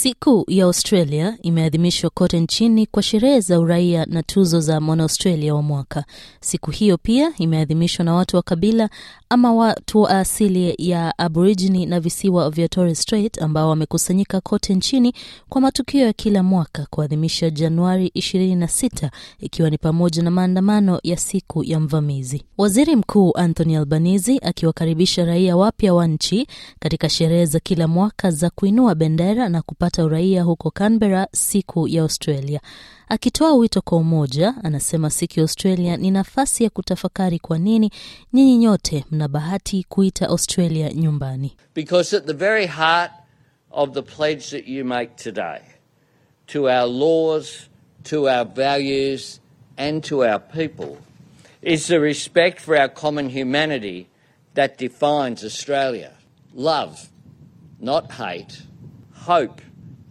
Siku ya Australia imeadhimishwa kote nchini kwa sherehe za uraia na tuzo za Mwanaaustralia wa mwaka. Siku hiyo pia imeadhimishwa na watu wa kabila ama watu wa asili ya Aborigini na visiwa vya Torres Strait ambao wamekusanyika kote nchini kwa matukio ya kila mwaka kuadhimisha Januari 26 ikiwa ni pamoja na maandamano ya siku ya mvamizi. Waziri Mkuu Anthony albanizi akiwakaribisha raia wapya wa nchi katika sherehe za kila mwaka za kuinua bendera na kupata kupata uraia huko canbera siku ya Australia. Akitoa wito kwa umoja, anasema siku ya Australia ni nafasi ya kutafakari kwa nini nyinyi nyote mna bahati kuita Australia nyumbani. Because at the very heart of the pledge that you make today to our laws, to our values and to our people is the respect for our common humanity that defines Australia. Love, not hate, hope,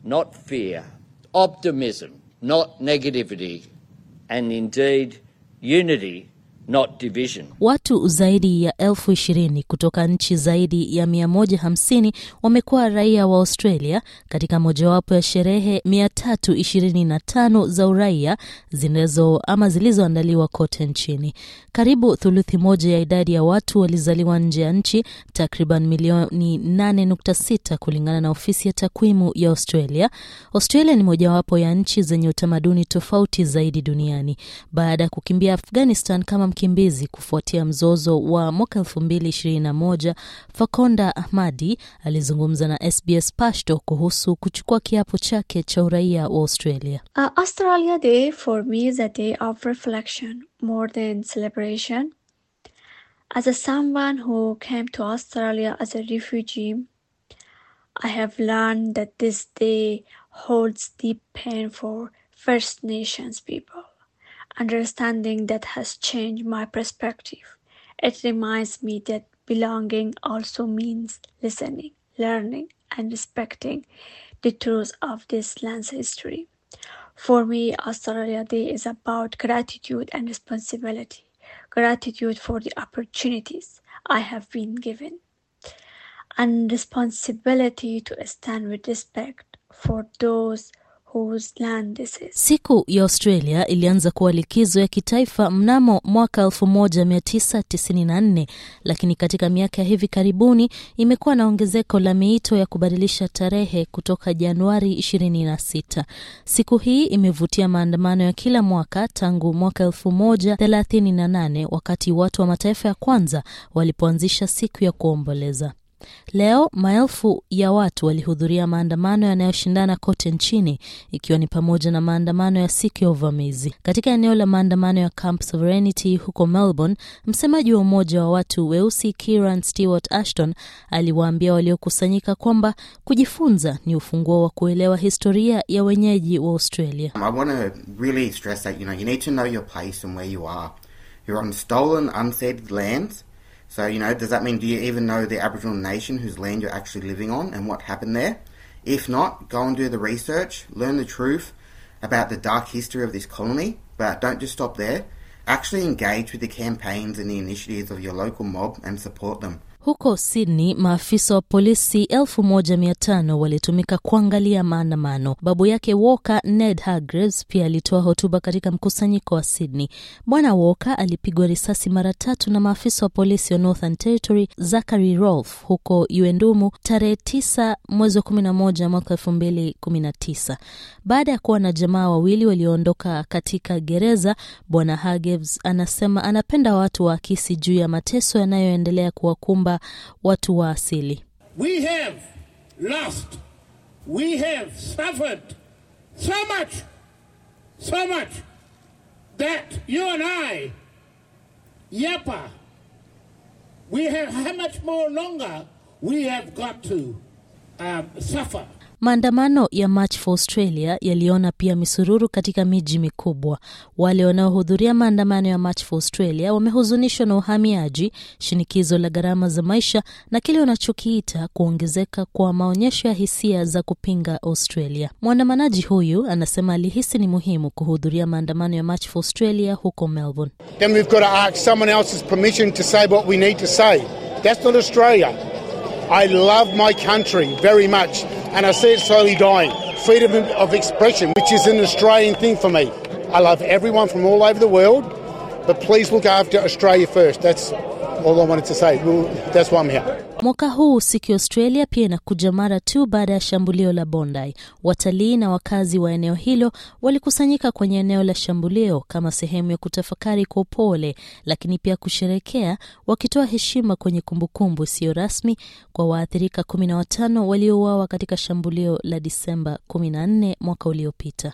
not fear, optimism, not negativity, and indeed unity not division. Watu zaidi ya elfu ishirini kutoka nchi zaidi ya 150 wamekuwa raia wa Australia katika mojawapo ya sherehe 325 za uraia zinazo ama zilizoandaliwa kote nchini. Karibu thuluthi moja ya idadi ya watu walizaliwa nje ya nchi, takriban milioni 8.6 kulingana na ofisi ya takwimu ya Australia. Australia ni mojawapo ya nchi zenye utamaduni tofauti zaidi duniani baada ya kukimbia Afghanistan kama wakimbizi kufuatia mzozo wa mwaka 2021, Fakonda Ahmadi alizungumza na SBS Pashto kuhusu kuchukua kiapo chake cha uraia wa Australia. Uh, Australia Day for me is a day of reflection more than celebration. As a someone who came to Australia as a refugee, I have learned that this day holds deep pain for First Nations people. understanding that has changed my perspective. It reminds me that belonging also means listening, learning, and respecting the truth of this land's history. For me, Australia Day is about gratitude and responsibility, gratitude for the opportunities I have been given, and responsibility to stand with respect for those Siku ya Australia ilianza kuwa likizo ya kitaifa mnamo mwaka 1994 lakini katika miaka ya hivi karibuni imekuwa na ongezeko la miito ya kubadilisha tarehe kutoka Januari 26. Siku hii imevutia maandamano ya kila mwaka tangu mwaka 1938 wakati watu wa mataifa ya kwanza walipoanzisha siku ya kuomboleza. Leo maelfu ya watu walihudhuria maandamano yanayoshindana kote nchini ikiwa ni pamoja na maandamano ya siku ya uvamizi. Katika eneo la maandamano ya Camp Sovereignty huko Melbourne, msemaji wa Umoja wa Watu Weusi Kiran Stewart Ashton aliwaambia waliokusanyika kwamba kujifunza ni ufunguo wa kuelewa historia ya wenyeji wa Australia. I So, you know, does that mean do you even know the Aboriginal nation whose land you're actually living on and what happened there? If not, go and do the research, learn the truth about the dark history of this colony, but don't just stop there. Actually engage with the campaigns and the initiatives of your local mob and support them. Huko Sydney, maafisa wa polisi 1500 walitumika kuangalia maandamano. Babu yake Walker, Ned hagres pia alitoa hotuba katika mkusanyiko wa Sydney. Bwana Walker alipigwa risasi mara tatu na maafisa wa polisi wa Northern Territory, Zachary rolf huko uendumu tarehe 9 mwezi wa 11 mwaka 2019 baada ya kuwa na jamaa wawili walioondoka katika gereza. Bwana hagres anasema anapenda watu waakisi juu ya mateso yanayoendelea kuwakumba watu wa asili. We have lost. We have suffered so much, so much that you and I, Yapa, we have how much more longer we have got to um, suffer. Maandamano ya March for Australia yaliona pia misururu katika miji mikubwa. Wale wanaohudhuria maandamano ya March for Australia wamehuzunishwa na uhamiaji, shinikizo la gharama za maisha na kile wanachokiita kuongezeka kwa maonyesho ya hisia za kupinga Australia. Mwandamanaji huyu anasema alihisi ni muhimu kuhudhuria maandamano ya March for Australia huko Melbourne. Then we've got to ask someone else's permission to say what we need to say. That's not Australia. I love my country very much, and I see it slowly dying. Freedom of expression, which is an Australian thing for me. I love everyone from all over the world, but please look after Australia first. That's Mwaka huu siku Australia pia inakuja mara tu baada ya shambulio la Bondi. Watalii na wakazi wa eneo hilo walikusanyika kwenye eneo la shambulio kama sehemu ya kutafakari kwa upole, lakini pia kusherekea, wakitoa heshima kwenye kumbukumbu isiyo rasmi kwa waathirika kumi na watano waliouawa katika shambulio la Disemba 14 mwaka uliopita.